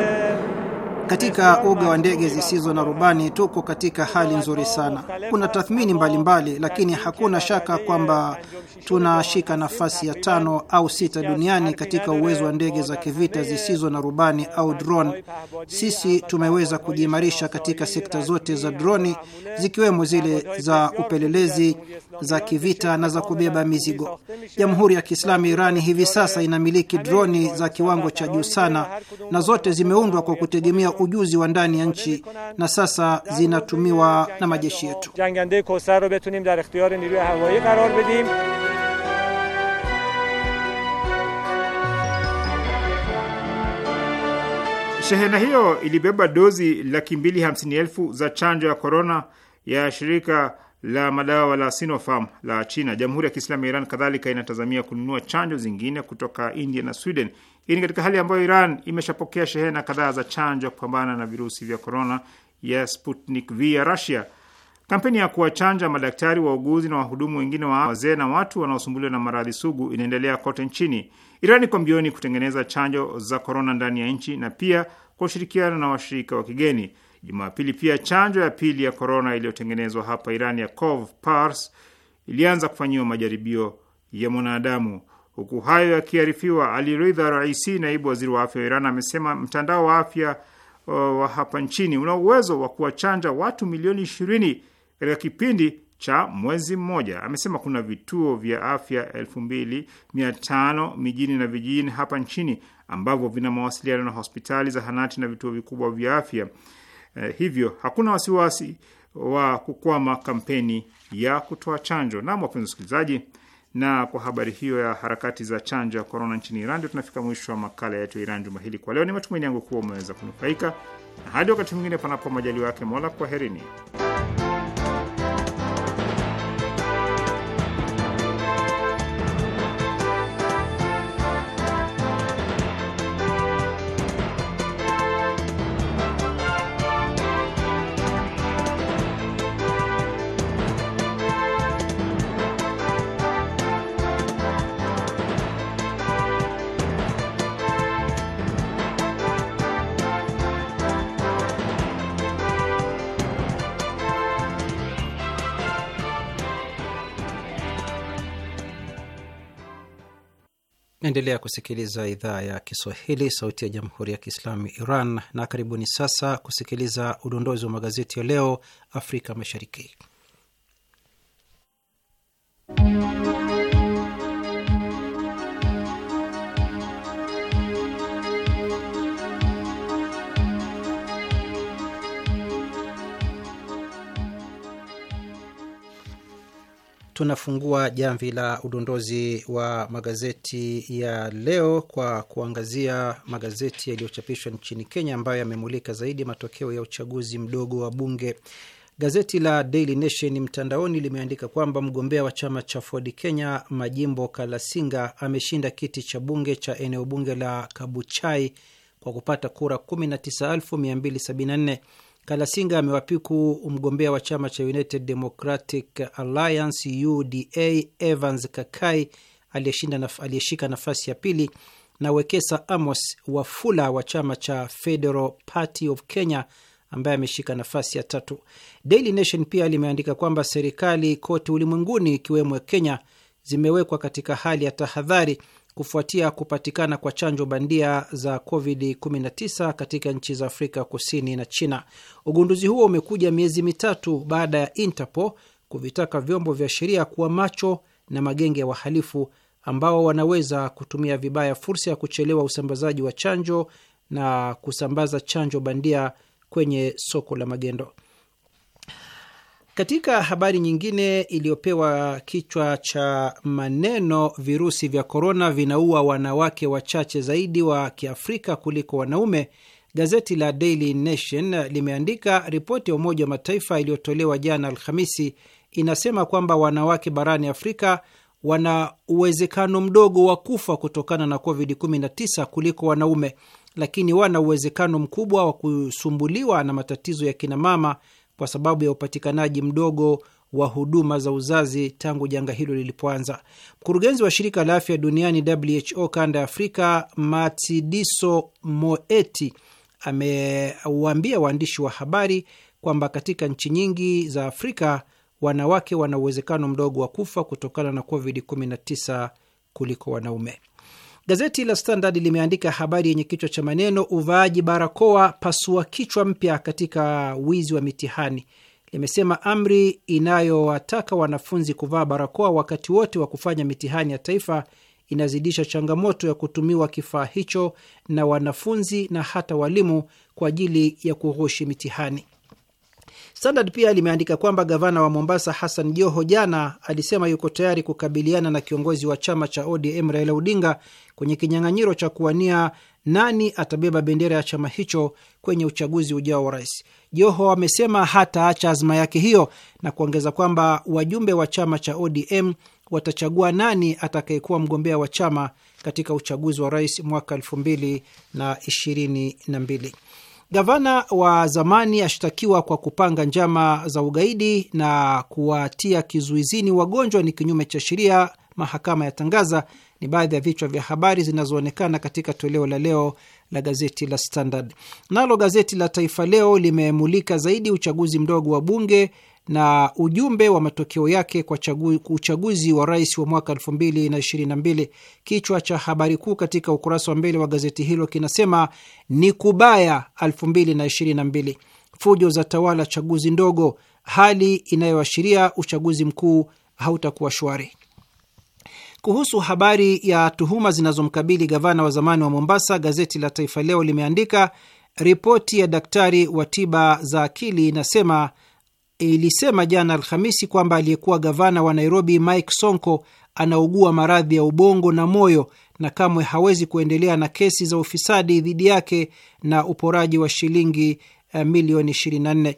Katika uga wa ndege zisizo na rubani tuko katika hali nzuri sana. Kuna tathmini mbalimbali mbali, lakini hakuna shaka kwamba tunashika nafasi ya tano au sita duniani katika uwezo wa ndege za kivita zisizo na rubani au drone. Sisi tumeweza kujiimarisha katika sekta zote za droni zikiwemo zile za upelelezi, za kivita na za kubeba mizigo. Jamhuri ya Kiislamu Irani hivi sasa inamiliki droni za kiwango cha juu sana na zote zimeundwa kwa kutegemea ujuzi wa ndani ya nchi na sasa zinatumiwa na majeshi yetu. Shehena hiyo ilibeba dozi laki mbili hamsini elfu za chanjo ya korona ya shirika la madawa la Sinopharm la China. Jamhuri ya Kiislamu ya Iran kadhalika inatazamia kununua chanjo zingine kutoka India na Sweden hii ni katika hali ambayo Iran imeshapokea shehena kadhaa za chanjo ya kupambana na virusi vya korona ya Sputnik V ya Rusia. Kampeni ya kuwachanja madaktari, wauguzi na wahudumu wengine wa wazee na watu wanaosumbuliwa na maradhi sugu inaendelea kote nchini. Iran iko mbioni kutengeneza chanjo za korona ndani ya nchi na pia kwa ushirikiano na washirika wa kigeni. Jumapili pia chanjo ya pili ya korona iliyotengenezwa hapa Iran ya Cov Pars ilianza kufanyiwa majaribio ya mwanadamu. Huku hayo yakiarifiwa, Ali Ridha Raisi, naibu waziri wa afya wa Iran, amesema mtandao wa afya uh, wa hapa nchini una uwezo wa kuwachanja watu milioni ishirini katika kipindi cha mwezi mmoja. Amesema kuna vituo vya afya elfu mbili mia tano mijini na vijijini hapa nchini ambavyo vina mawasiliano na hospitali, zahanati na vituo vikubwa vya afya. Eh, hivyo hakuna wasiwasi wa kukwama kampeni ya kutoa chanjo. Nam, wapenzi wasikilizaji na kwa habari hiyo ya harakati za chanjo ya korona nchini Iran, ndio tunafika mwisho wa makala yetu ya Iran juma hili. Kwa leo, ni matumaini yangu kuwa umeweza kunufaika, na hadi wakati mwingine, panapo majaliwa yake Mola, kwaherini. Naendelea kusikiliza idhaa ya Kiswahili, sauti ya jamhuri ya kiislamu Iran, na karibuni sasa kusikiliza udondozi wa magazeti ya leo Afrika Mashariki. tunafungua jamvi la udondozi wa magazeti ya leo kwa kuangazia magazeti yaliyochapishwa nchini Kenya ambayo yamemulika zaidi matokeo ya uchaguzi mdogo wa bunge. Gazeti la Daily Nation mtandaoni limeandika kwamba mgombea wa chama cha Ford Kenya Majimbo Kalasinga ameshinda kiti cha bunge cha eneo bunge la Kabuchai kwa kupata kura 19274 Kalasinga amewapiku mgombea wa chama cha United Democratic Alliance UDA Evans Kakai aliyeshika nafasi ya pili na Wekesa Amos Wafula wa chama cha Federal Party of Kenya ambaye ameshika nafasi ya tatu. Daily Nation pia limeandika kwamba serikali kote ulimwenguni ikiwemo Kenya zimewekwa katika hali ya tahadhari kufuatia kupatikana kwa chanjo bandia za COVID-19 katika nchi za Afrika Kusini na China. Ugunduzi huo umekuja miezi mitatu baada ya Interpol kuvitaka vyombo vya sheria kuwa macho na magenge ya wa wahalifu ambao wanaweza kutumia vibaya fursa ya kuchelewa usambazaji wa chanjo na kusambaza chanjo bandia kwenye soko la magendo. Katika habari nyingine iliyopewa kichwa cha maneno virusi vya korona vinaua wanawake wachache zaidi wa Kiafrika kuliko wanaume, gazeti la Daily Nation limeandika ripoti ya Umoja wa Mataifa iliyotolewa jana Alhamisi inasema kwamba wanawake barani Afrika wana uwezekano mdogo wa kufa kutokana na COVID-19 kuliko wanaume, lakini wana uwezekano mkubwa wa kusumbuliwa na matatizo ya kinamama kwa sababu ya upatikanaji mdogo wa huduma za uzazi tangu janga hilo lilipoanza. Mkurugenzi wa shirika la afya duniani WHO kanda ya Afrika, matidiso Moeti, amewaambia waandishi wa habari kwamba katika nchi nyingi za Afrika wanawake wana uwezekano mdogo wa kufa kutokana na COVID-19 kuliko wanaume. Gazeti la Standard limeandika habari yenye kichwa cha maneno uvaaji barakoa pasua kichwa mpya katika wizi wa mitihani. Limesema amri inayowataka wanafunzi kuvaa barakoa wakati wote wa kufanya mitihani ya taifa inazidisha changamoto ya kutumiwa kifaa hicho na wanafunzi na hata walimu kwa ajili ya kughushi mitihani. Standard pia limeandika kwamba gavana wa Mombasa Hassan Joho jana alisema yuko tayari kukabiliana na kiongozi wa chama cha ODM Raila Odinga kwenye kinyang'anyiro cha kuwania nani atabeba bendera ya chama hicho kwenye uchaguzi ujao wa rais. Joho amesema hataacha azma yake hiyo na kuongeza kwamba wajumbe wa chama cha ODM watachagua nani atakayekuwa mgombea wa chama katika uchaguzi wa rais mwaka elfu mbili na ishirini na mbili. Gavana wa zamani ashtakiwa kwa kupanga njama za ugaidi na kuwatia kizuizini wagonjwa ni kinyume cha sheria, mahakama yatangaza, ni baadhi ya vichwa vya habari zinazoonekana katika toleo la leo la gazeti la Standard. Nalo gazeti la Taifa Leo limemulika zaidi uchaguzi mdogo wa bunge na ujumbe wa matokeo yake kwa chagu, uchaguzi wa rais wa mwaka 2022. Kichwa cha habari kuu katika ukurasa wa mbele wa gazeti hilo kinasema ni kubaya 2022, fujo za tawala chaguzi ndogo, hali inayoashiria uchaguzi mkuu hautakuwa shwari. Kuhusu habari ya tuhuma zinazomkabili gavana wa zamani wa Mombasa, gazeti la Taifa Leo limeandika ripoti ya daktari wa tiba za akili inasema ilisema jana Alhamisi kwamba aliyekuwa gavana wa Nairobi Mike Sonko anaugua maradhi ya ubongo na moyo na kamwe hawezi kuendelea na kesi za ufisadi dhidi yake na uporaji wa shilingi eh, milioni 24.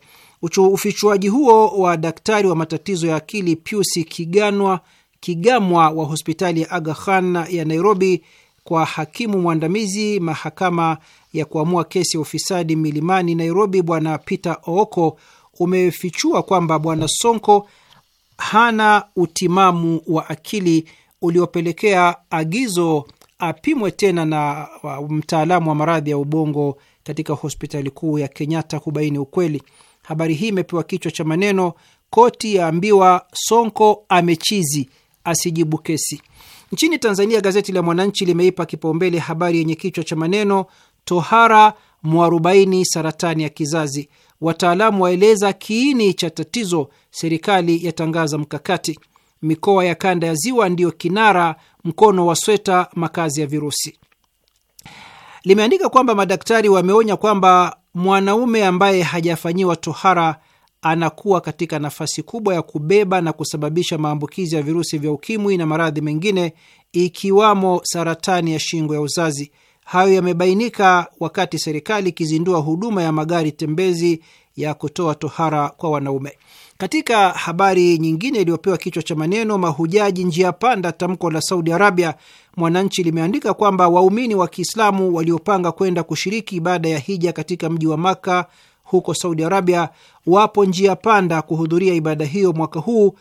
Ufichuaji huo wa daktari wa matatizo ya akili pusi Kiganwa Kigamwa wa hospitali ya Aga Khan ya Nairobi kwa hakimu mwandamizi mahakama ya kuamua kesi ya ufisadi Milimani Nairobi, Bwana Peter Ooko umefichua kwamba Bwana Sonko hana utimamu wa akili uliopelekea agizo apimwe tena na mtaalamu wa maradhi ya ubongo katika hospitali kuu ya Kenyatta kubaini ukweli. Habari hii imepewa kichwa cha maneno koti yaambiwa Sonko amechizi asijibu kesi. Nchini Tanzania, gazeti la Mwananchi limeipa kipaumbele habari yenye kichwa cha maneno tohara mwarobaini saratani ya kizazi wataalamu waeleza kiini cha tatizo, serikali yatangaza mkakati. Mikoa ya kanda ya ziwa ndiyo kinara, mkono wa sweta, makazi ya virusi. Limeandika kwamba madaktari wameonya kwamba mwanaume ambaye hajafanyiwa tohara anakuwa katika nafasi kubwa ya kubeba na kusababisha maambukizi ya virusi vya ukimwi na maradhi mengine ikiwamo saratani ya shingo ya uzazi. Hayo yamebainika wakati serikali ikizindua huduma ya magari tembezi ya kutoa tohara kwa wanaume. Katika habari nyingine iliyopewa kichwa cha maneno mahujaji njia panda, tamko la Saudi Arabia, Mwananchi limeandika kwamba waumini wa Kiislamu waliopanga kwenda kushiriki ibada ya hija katika mji wa Maka huko Saudi Arabia wapo njia panda kuhudhuria ibada hiyo mwaka huu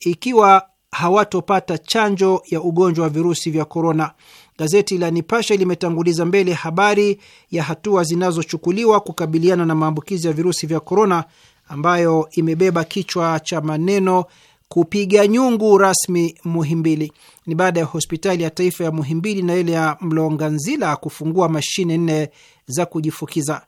ikiwa hawatopata chanjo ya ugonjwa wa virusi vya korona. Gazeti la Nipashe limetanguliza mbele habari ya hatua zinazochukuliwa kukabiliana na maambukizi ya virusi vya korona, ambayo imebeba kichwa cha maneno kupiga nyungu rasmi Muhimbili. Ni baada ya hospitali ya taifa ya Muhimbili na ile ya Mlonganzila kufungua mashine nne za kujifukiza.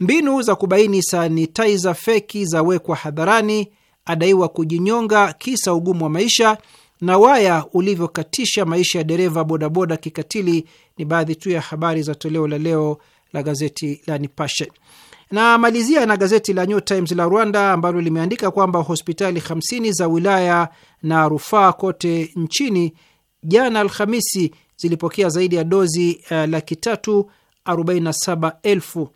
Mbinu za kubaini sanitizer feki zawekwa hadharani. Adaiwa kujinyonga kisa ugumu wa maisha na waya ulivyokatisha maisha ya dereva bodaboda kikatili ni baadhi tu ya habari za toleo la leo la gazeti la Nipashe. Namalizia na gazeti la New Times la Rwanda ambalo limeandika kwamba hospitali 50 za wilaya na rufaa kote nchini jana Alhamisi zilipokea zaidi ya dozi uh, laki tatu arobaini na saba elfu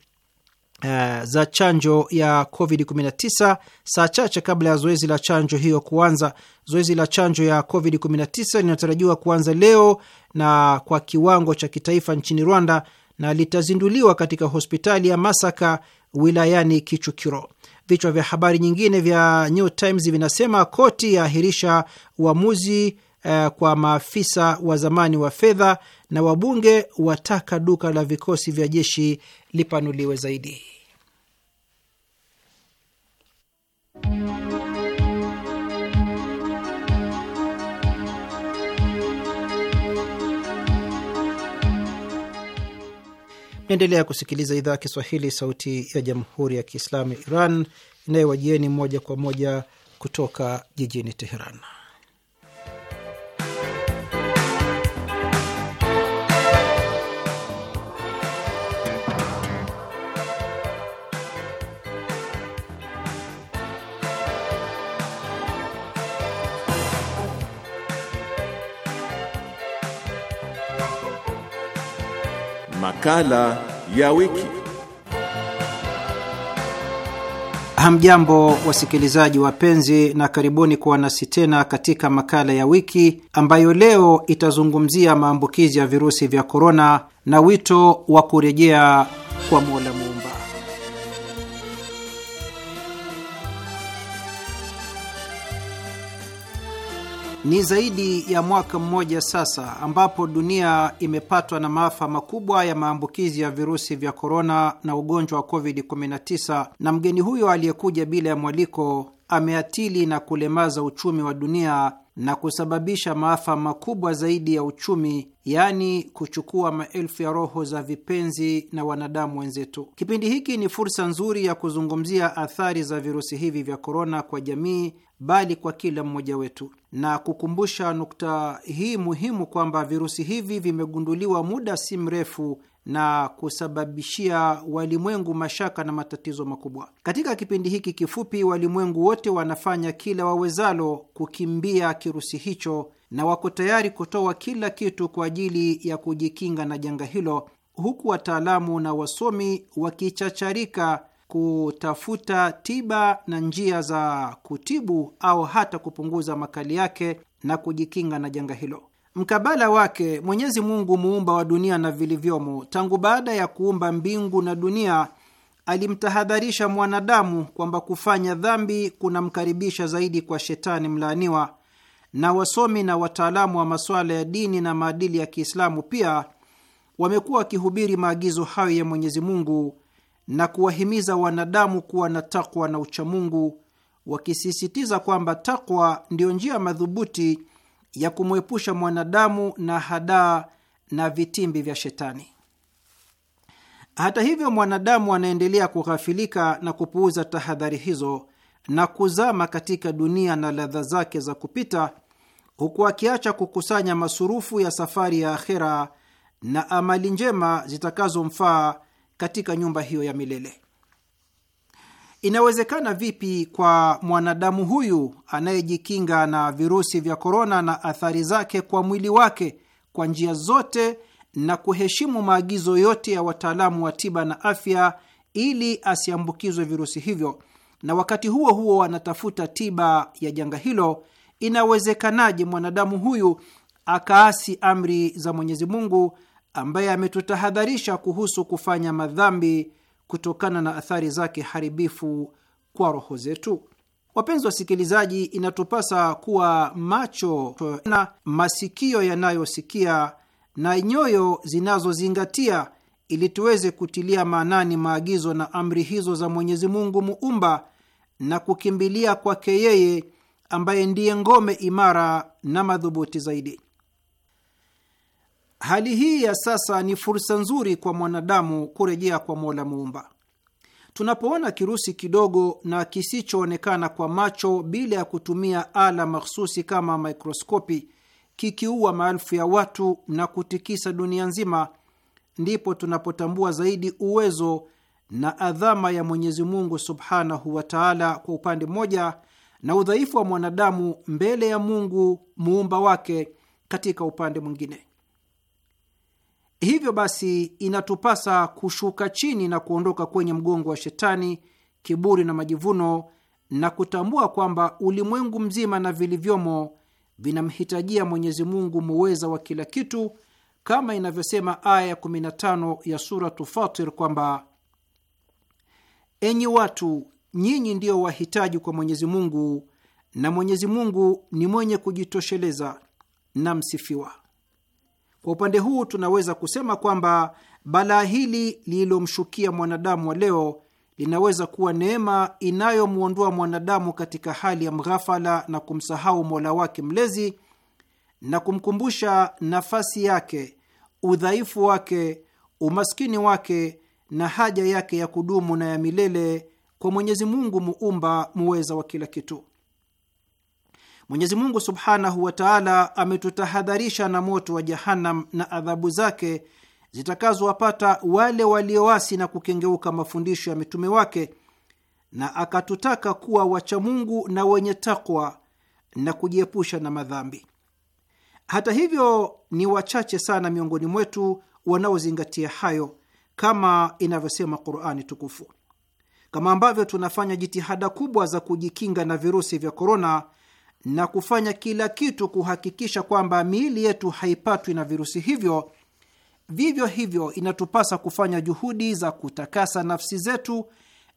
uh, za chanjo ya COVID-19 saa chache kabla ya zoezi la chanjo hiyo kuanza. Zoezi la chanjo ya COVID-19 linatarajiwa kuanza leo na kwa kiwango cha kitaifa nchini Rwanda na litazinduliwa katika hospitali ya Masaka wilayani Kichukiro. Vichwa vya habari nyingine vya New Times vinasema koti yaahirisha uamuzi eh, kwa maafisa wa zamani wa fedha, na wabunge wataka duka la vikosi vya jeshi lipanuliwe zaidi. Naendelea kusikiliza idhaa ya Kiswahili, sauti ya jamhuri ya kiislamu Iran inayowajieni moja kwa moja kutoka jijini Teheran. Makala ya wiki. Hamjambo wasikilizaji wapenzi, na karibuni kuwa nasi tena katika makala ya wiki ambayo leo itazungumzia maambukizi ya virusi vya korona na wito wa kurejea kwa Mola. Ni zaidi ya mwaka mmoja sasa ambapo dunia imepatwa na maafa makubwa ya maambukizi ya virusi vya korona na ugonjwa wa COVID-19, na mgeni huyo aliyekuja bila ya mwaliko ameatili na kulemaza uchumi wa dunia na kusababisha maafa makubwa zaidi ya uchumi, yaani kuchukua maelfu ya roho za vipenzi na wanadamu wenzetu. Kipindi hiki ni fursa nzuri ya kuzungumzia athari za virusi hivi vya korona kwa jamii, bali kwa kila mmoja wetu na kukumbusha nukta hii muhimu kwamba virusi hivi vimegunduliwa muda si mrefu na kusababishia walimwengu mashaka na matatizo makubwa. Katika kipindi hiki kifupi, walimwengu wote wanafanya kila wawezalo kukimbia kirusi hicho na wako tayari kutoa kila kitu kwa ajili ya kujikinga na janga hilo, huku wataalamu na wasomi wakichacharika kutafuta tiba na njia za kutibu au hata kupunguza makali yake na kujikinga na janga hilo. Mkabala wake, Mwenyezi Mungu muumba wa dunia na vilivyomo, tangu baada ya kuumba mbingu na dunia, alimtahadharisha mwanadamu kwamba kufanya dhambi kunamkaribisha zaidi kwa shetani mlaaniwa, na wasomi na wataalamu wa masuala ya dini na maadili ya Kiislamu pia wamekuwa wakihubiri maagizo hayo ya Mwenyezi Mungu na kuwahimiza wanadamu kuwa na takwa na uchamungu, wakisisitiza kwamba takwa ndiyo njia madhubuti ya kumwepusha mwanadamu na hadaa na vitimbi vya Shetani. Hata hivyo, mwanadamu anaendelea kughafilika na kupuuza tahadhari hizo na kuzama katika dunia na ladha zake za kupita, huku akiacha kukusanya masurufu ya safari ya akhera na amali njema zitakazomfaa katika nyumba hiyo ya milele. Inawezekana vipi kwa mwanadamu huyu anayejikinga na virusi vya korona na athari zake kwa mwili wake kwa njia zote na kuheshimu maagizo yote ya wataalamu wa tiba na afya ili asiambukizwe virusi hivyo, na wakati huo huo anatafuta tiba ya janga hilo? Inawezekanaje mwanadamu huyu akaasi amri za Mwenyezi Mungu ambaye ametutahadharisha kuhusu kufanya madhambi kutokana na athari zake haribifu kwa roho zetu. Wapenzi wasikilizaji, inatupasa kuwa macho na masikio yanayosikia na nyoyo zinazozingatia ili tuweze kutilia maanani maagizo na amri hizo za Mwenyezi Mungu muumba na kukimbilia kwake yeye ambaye ndiye ngome imara na madhubuti zaidi. Hali hii ya sasa ni fursa nzuri kwa mwanadamu kurejea kwa Mola Muumba. Tunapoona kirusi kidogo na kisichoonekana kwa macho bila ya kutumia ala mahsusi kama mikroskopi kikiua maelfu ya watu na kutikisa dunia nzima, ndipo tunapotambua zaidi uwezo na adhama ya Mwenyezi Mungu subhanahu wa taala kwa upande mmoja, na udhaifu wa mwanadamu mbele ya Mungu muumba wake katika upande mwingine. Hivyo basi, inatupasa kushuka chini na kuondoka kwenye mgongo wa shetani, kiburi na majivuno, na kutambua kwamba ulimwengu mzima na vilivyomo vinamhitajia Mwenyezi Mungu muweza wa kila kitu, kama inavyosema aya ya 15 ya Suratu Fatir kwamba enyi watu, nyinyi ndiyo wahitaji kwa Mwenyezi Mungu na Mwenyezi Mungu ni mwenye kujitosheleza na msifiwa. Kwa upande huu tunaweza kusema kwamba balaa hili lililomshukia mwanadamu wa leo linaweza kuwa neema inayomwondoa mwanadamu katika hali ya mghafala na kumsahau Mola wake mlezi na kumkumbusha nafasi yake, udhaifu wake, umaskini wake na haja yake ya kudumu na ya milele kwa Mwenyezi Mungu muumba muweza wa kila kitu. Mwenyezi Mungu subhanahu wa taala ametutahadharisha na moto wa Jahannam na adhabu zake zitakazowapata wale walioasi na kukengeuka mafundisho ya mitume wake, na akatutaka kuwa wachamungu na wenye takwa na kujiepusha na madhambi. Hata hivyo, ni wachache sana miongoni mwetu wanaozingatia hayo, kama inavyosema Qurani Tukufu. Kama ambavyo tunafanya jitihada kubwa za kujikinga na virusi vya korona na kufanya kila kitu kuhakikisha kwamba miili yetu haipatwi na virusi hivyo, vivyo hivyo inatupasa kufanya juhudi za kutakasa nafsi zetu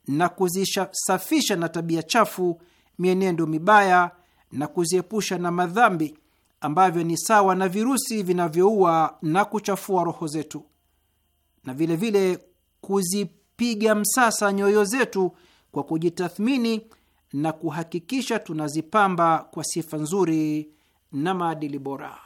na kuzisafisha na tabia chafu, mienendo mibaya na kuziepusha na madhambi ambavyo ni sawa na virusi vinavyoua na kuchafua roho zetu, na vilevile kuzipiga msasa nyoyo zetu kwa kujitathmini na kuhakikisha tunazipamba kwa sifa nzuri na maadili bora.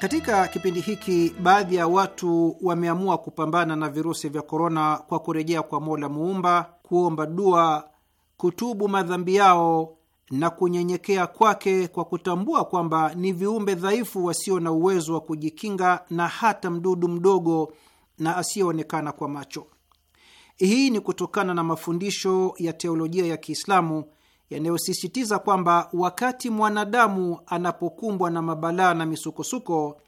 Katika kipindi hiki baadhi ya watu wameamua kupambana na virusi vya korona kwa kurejea kwa Mola Muumba, kuomba dua kutubu madhambi yao na kunyenyekea kwake kwa kutambua kwamba ni viumbe dhaifu wasio na uwezo wa kujikinga na hata mdudu mdogo na asiyeonekana kwa macho. Hii ni kutokana na mafundisho ya teolojia ya Kiislamu yanayosisitiza kwamba wakati mwanadamu anapokumbwa na mabalaa na misukosuko,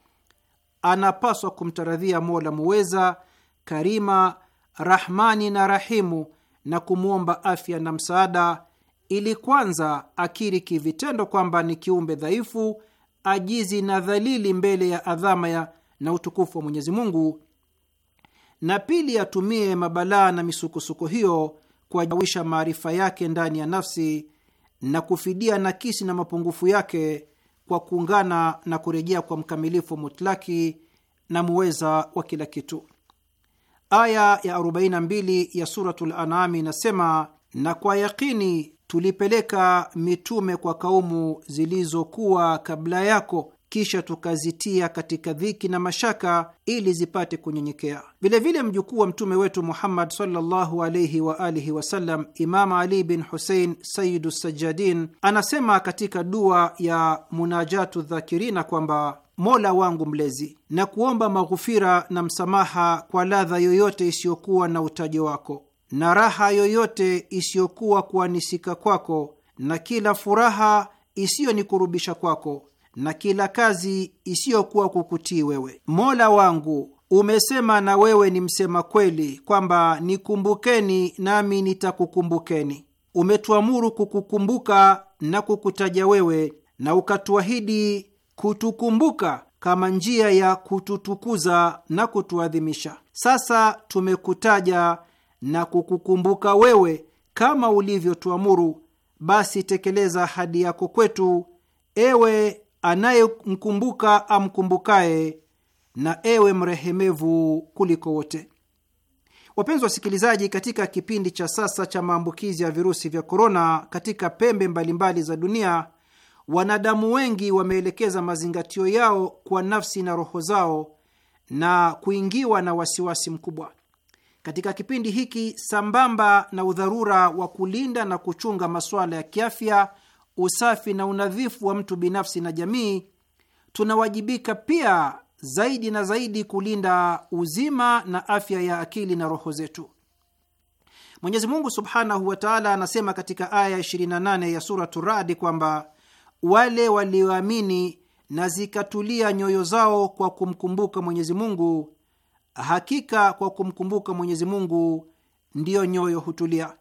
anapaswa kumtaradhia Mola muweza, karima, rahmani na rahimu na kumwomba afya na msaada, ili kwanza akiri kivitendo kwamba ni kiumbe dhaifu, ajizi na dhalili mbele ya adhama ya na utukufu wa Mwenyezi Mungu, na pili atumie mabalaa na misukosuko hiyo kuajawisha maarifa yake ndani ya nafsi na kufidia nakisi na mapungufu yake kwa kuungana na kurejea kwa mkamilifu mutlaki na muweza wa kila kitu. Aya ya 42 ya Suratul Anami inasema, na kwa yakini tulipeleka mitume kwa kaumu zilizokuwa kabla yako kisha tukazitia katika dhiki na mashaka ili zipate kunyenyekea. Vilevile mjukuu wa mtume wetu Muhammad sallallahu alayhi wa alihi wasallam, Imam Ali bin Husein Sayidu Sajadin anasema katika dua ya Munajatu Dhakirina kwamba Mola wangu mlezi, na kuomba maghufira na msamaha kwa ladha yoyote isiyokuwa na utajo wako na raha yoyote isiyokuwa kuanisika kwako na kila furaha isiyonikurubisha kwako na kila kazi isiyokuwa kukutii wewe. Mola wangu, umesema na wewe ni msema kweli kwamba nikumbukeni nami nitakukumbukeni. Umetuamuru kukukumbuka na kukutaja wewe, na ukatuahidi kutukumbuka kama njia ya kututukuza na kutuadhimisha. Sasa tumekutaja na kukukumbuka wewe kama ulivyotuamuru, basi tekeleza ahadi yako kwetu, ewe anayemkumbuka amkumbukaye, na ewe mrehemevu kuliko wote. Wapenzi wasikilizaji, katika kipindi cha sasa cha maambukizi ya virusi vya korona katika pembe mbalimbali za dunia wanadamu wengi wameelekeza mazingatio yao kwa nafsi na roho zao na kuingiwa na wasiwasi mkubwa. Katika kipindi hiki, sambamba na udharura wa kulinda na kuchunga masuala ya kiafya, usafi na unadhifu wa mtu binafsi na jamii, tunawajibika pia zaidi na zaidi kulinda uzima na afya ya akili na roho zetu. Mwenyezi Mungu subhanahu wa taala anasema katika aya 28 ya Suratu Radi kwamba wale walioamini na zikatulia nyoyo zao kwa kumkumbuka Mwenyezi Mungu, hakika kwa kumkumbuka Mwenyezi Mungu ndiyo nyoyo hutulia.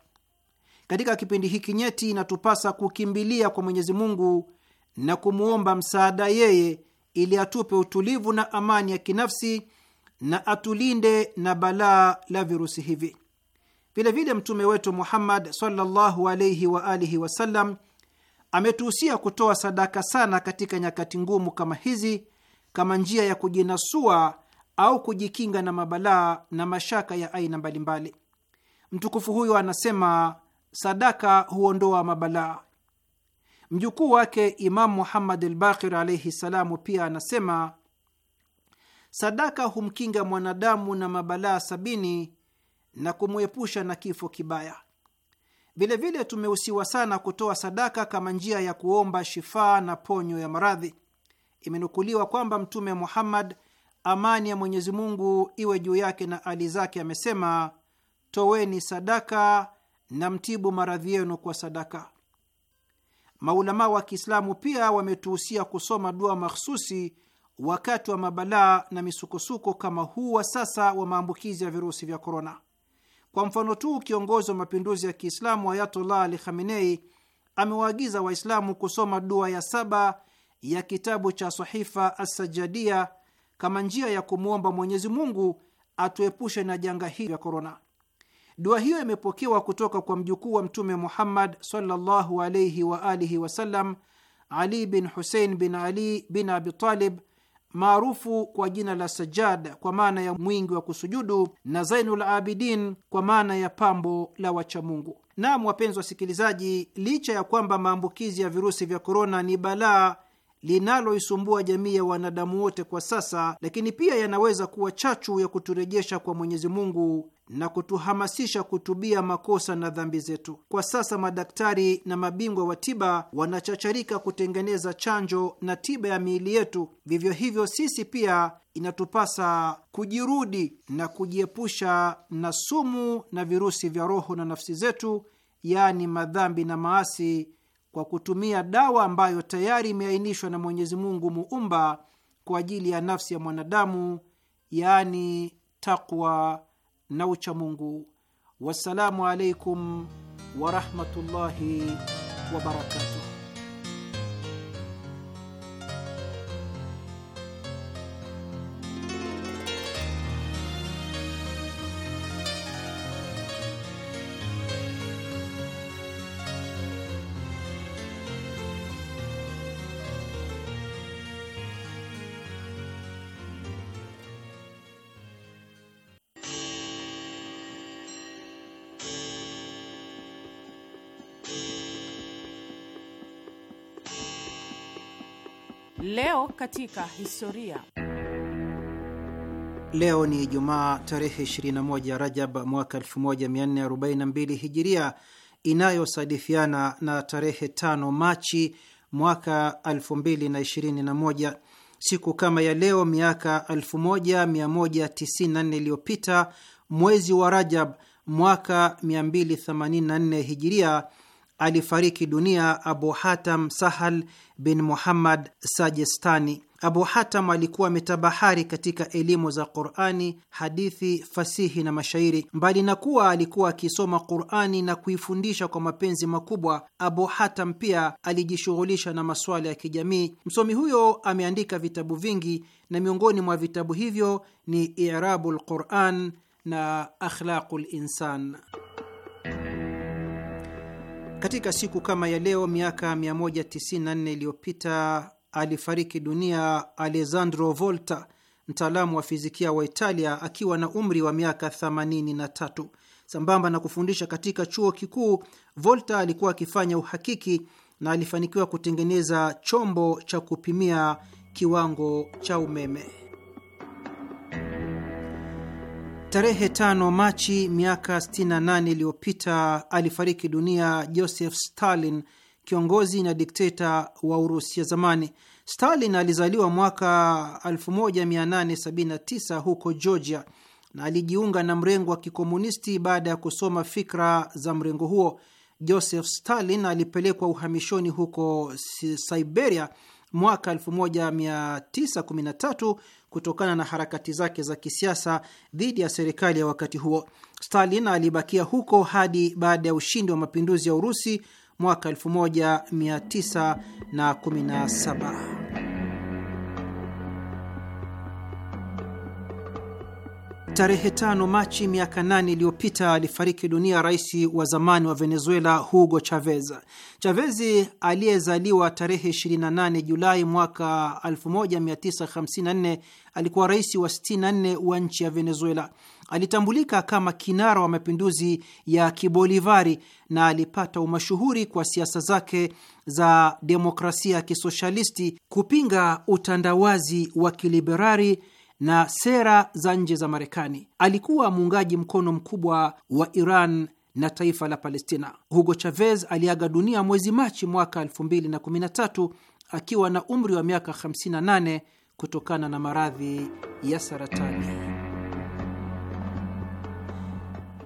Katika kipindi hiki nyeti inatupasa kukimbilia kwa Mwenyezi Mungu na kumwomba msaada yeye, ili atupe utulivu na amani ya kinafsi na atulinde na balaa la virusi hivi. Vilevile mtume wetu Muhammad sallallahu alaihi waalihi wasallam ametuhusia kutoa sadaka sana katika nyakati ngumu kama hizi, kama njia ya kujinasua au kujikinga na mabalaa na mashaka ya aina mbalimbali. Mtukufu huyo anasema sadaka huondoa mabalaa. Mjukuu wake Imamu Muhammad al alaihi salamu pia anasema sadaka humkinga mwanadamu na mabalaa sabini na kumwepusha na kifo kibaya. Vilevile tumehusiwa sana kutoa sadaka kama njia ya kuomba shifaa na ponyo ya maradhi. Imenukuliwa kwamba Mtume Muhammad, amani ya Mwenyezi Mungu iwe juu yake na ali zake, amesema, toweni sadaka na mtibu maradhi yenu kwa sadaka. Maulama wa Kiislamu pia wametuhusia kusoma dua makhususi wakati wa mabalaa na misukosuko kama huu wa sasa wa maambukizi ya virusi vya korona. Kwa mfano tu, kiongozi wa mapinduzi ya Kiislamu Ayatollah Ali Khamenei amewaagiza Waislamu kusoma dua ya saba ya kitabu cha Sahifa Assajadia kama njia ya kumwomba Mwenyezi Mungu atuepushe na janga hili ya korona. Dua hiyo imepokewa kutoka kwa mjukuu wa Mtume Muhammad sallallahu alaihi wa alihi wasallam, Ali bin Husein bin Ali bin Abi Talib maarufu kwa jina la Sajad kwa maana ya mwingi wa kusujudu na Zainul Abidin kwa maana ya pambo la wachamungu. Naam, wapenzi wasikilizaji, licha ya kwamba maambukizi ya virusi vya korona ni balaa linaloisumbua jamii ya wanadamu wote kwa sasa, lakini pia yanaweza kuwa chachu ya kuturejesha kwa Mwenyezi Mungu na kutuhamasisha kutubia makosa na dhambi zetu. Kwa sasa madaktari na mabingwa wa tiba wanachacharika kutengeneza chanjo na tiba ya miili yetu. Vivyo hivyo, sisi pia inatupasa kujirudi na kujiepusha na sumu na virusi vya roho na nafsi zetu, yaani madhambi na maasi, kwa kutumia dawa ambayo tayari imeainishwa na Mwenyezi Mungu muumba kwa ajili ya nafsi ya mwanadamu, yaani takwa na uchamungu. Wassalamu alaikum warahmatullahi wabarakatuh. Leo katika historia. Leo ni Ijumaa tarehe 21 Rajab mwaka 1442 Hijiria, inayosadifiana na tarehe 5 Machi mwaka 2021. Siku kama ya leo miaka 1194 iliyopita, mwezi wa Rajab mwaka 284 Hijiria alifariki dunia Abu Hatam Sahal bin Muhammad Sajestani. Abu Hatam alikuwa ametabahari katika elimu za Qurani, hadithi, fasihi na mashairi. Mbali na kuwa alikuwa akisoma Qurani na kuifundisha kwa mapenzi makubwa, Abu Hatam pia alijishughulisha na masuala ya kijamii. Msomi huyo ameandika vitabu vingi na miongoni mwa vitabu hivyo ni Irabu lquran na Akhlaqu linsan. Katika siku kama ya leo miaka 194 iliyopita alifariki dunia Alessandro Volta, mtaalamu wa fizikia wa Italia akiwa na umri wa miaka 83. Sambamba na kufundisha katika chuo kikuu, Volta alikuwa akifanya uhakiki na alifanikiwa kutengeneza chombo cha kupimia kiwango cha umeme. Tarehe tano Machi miaka 68 iliyopita alifariki dunia Joseph Stalin, kiongozi na dikteta wa Urusi ya zamani. Stalin alizaliwa mwaka 1879 huko Georgia na alijiunga na mrengo wa kikomunisti baada ya kusoma fikra za mrengo huo. Joseph Stalin alipelekwa uhamishoni huko Siberia mwaka 1913 kutokana na harakati zake za kisiasa dhidi ya serikali ya wakati huo. Stalin alibakia huko hadi baada ya ushindi wa mapinduzi ya Urusi mwaka 1917. Tarehe tano Machi miaka nane iliyopita alifariki dunia rais wa zamani wa Venezuela Hugo Chavez. Chavez aliyezaliwa tarehe 28 Julai mwaka 1954 alikuwa rais wa 64 wa nchi ya Venezuela. Alitambulika kama kinara wa mapinduzi ya kibolivari na alipata umashuhuri kwa siasa zake za demokrasia ya kisoshalisti, kupinga utandawazi wa kiliberari na sera za nje za Marekani. Alikuwa muungaji mkono mkubwa wa Iran na taifa la Palestina. Hugo Chavez aliaga dunia mwezi Machi mwaka 2013 akiwa na umri wa miaka 58 kutokana na maradhi ya saratani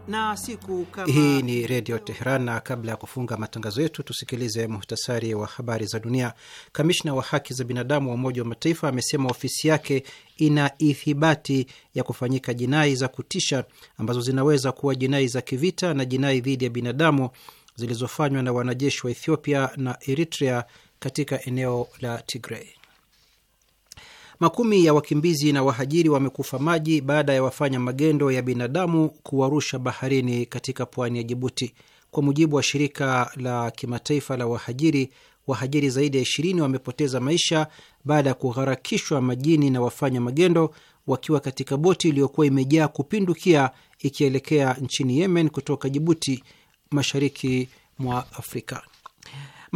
na siku kama... Hii ni Redio Teheran, na kabla ya kufunga matangazo yetu tusikilize muhtasari wa habari za dunia. Kamishna wa haki za binadamu wa Umoja wa Mataifa amesema ofisi yake ina ithibati ya kufanyika jinai za kutisha ambazo zinaweza kuwa jinai za kivita na jinai dhidi ya binadamu zilizofanywa na wanajeshi wa Ethiopia na Eritrea katika eneo la Tigray. Makumi ya wakimbizi na wahajiri wamekufa maji baada ya wafanya magendo ya binadamu kuwarusha baharini katika pwani ya Jibuti. Kwa mujibu wa shirika la kimataifa la wahajiri, wahajiri zaidi ya ishirini wamepoteza maisha baada ya kugharakishwa majini na wafanya magendo wakiwa katika boti iliyokuwa imejaa kupindukia ikielekea nchini Yemen kutoka Jibuti, mashariki mwa Afrika.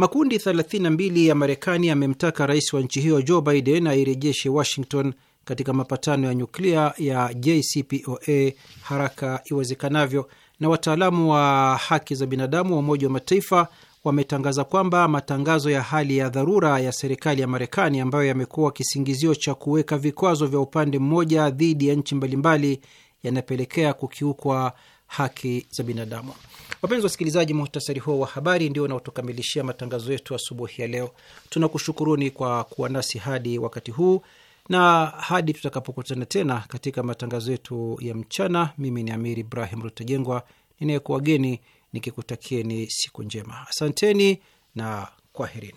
Makundi 32 ya Marekani yamemtaka rais wa nchi hiyo Joe Biden airejeshe Washington katika mapatano ya nyuklia ya JCPOA haraka iwezekanavyo, na wataalamu wa haki za binadamu wa Umoja wa Mataifa wametangaza kwamba matangazo ya hali ya dharura ya serikali ya Marekani ambayo yamekuwa kisingizio cha kuweka vikwazo vya upande mmoja dhidi ya nchi mbalimbali yanapelekea kukiukwa haki za binadamu. Wapenzi wasikilizaji, muhtasari huo wa habari ndio unaotukamilishia matangazo yetu asubuhi ya leo. Tunakushukuruni kwa kuwa nasi hadi wakati huu na hadi tutakapokutana tena katika matangazo yetu ya mchana. Mimi ni Amiri Ibrahim Rutajengwa ninayekuwageni nikikutakieni siku njema. Asanteni na kwaherini.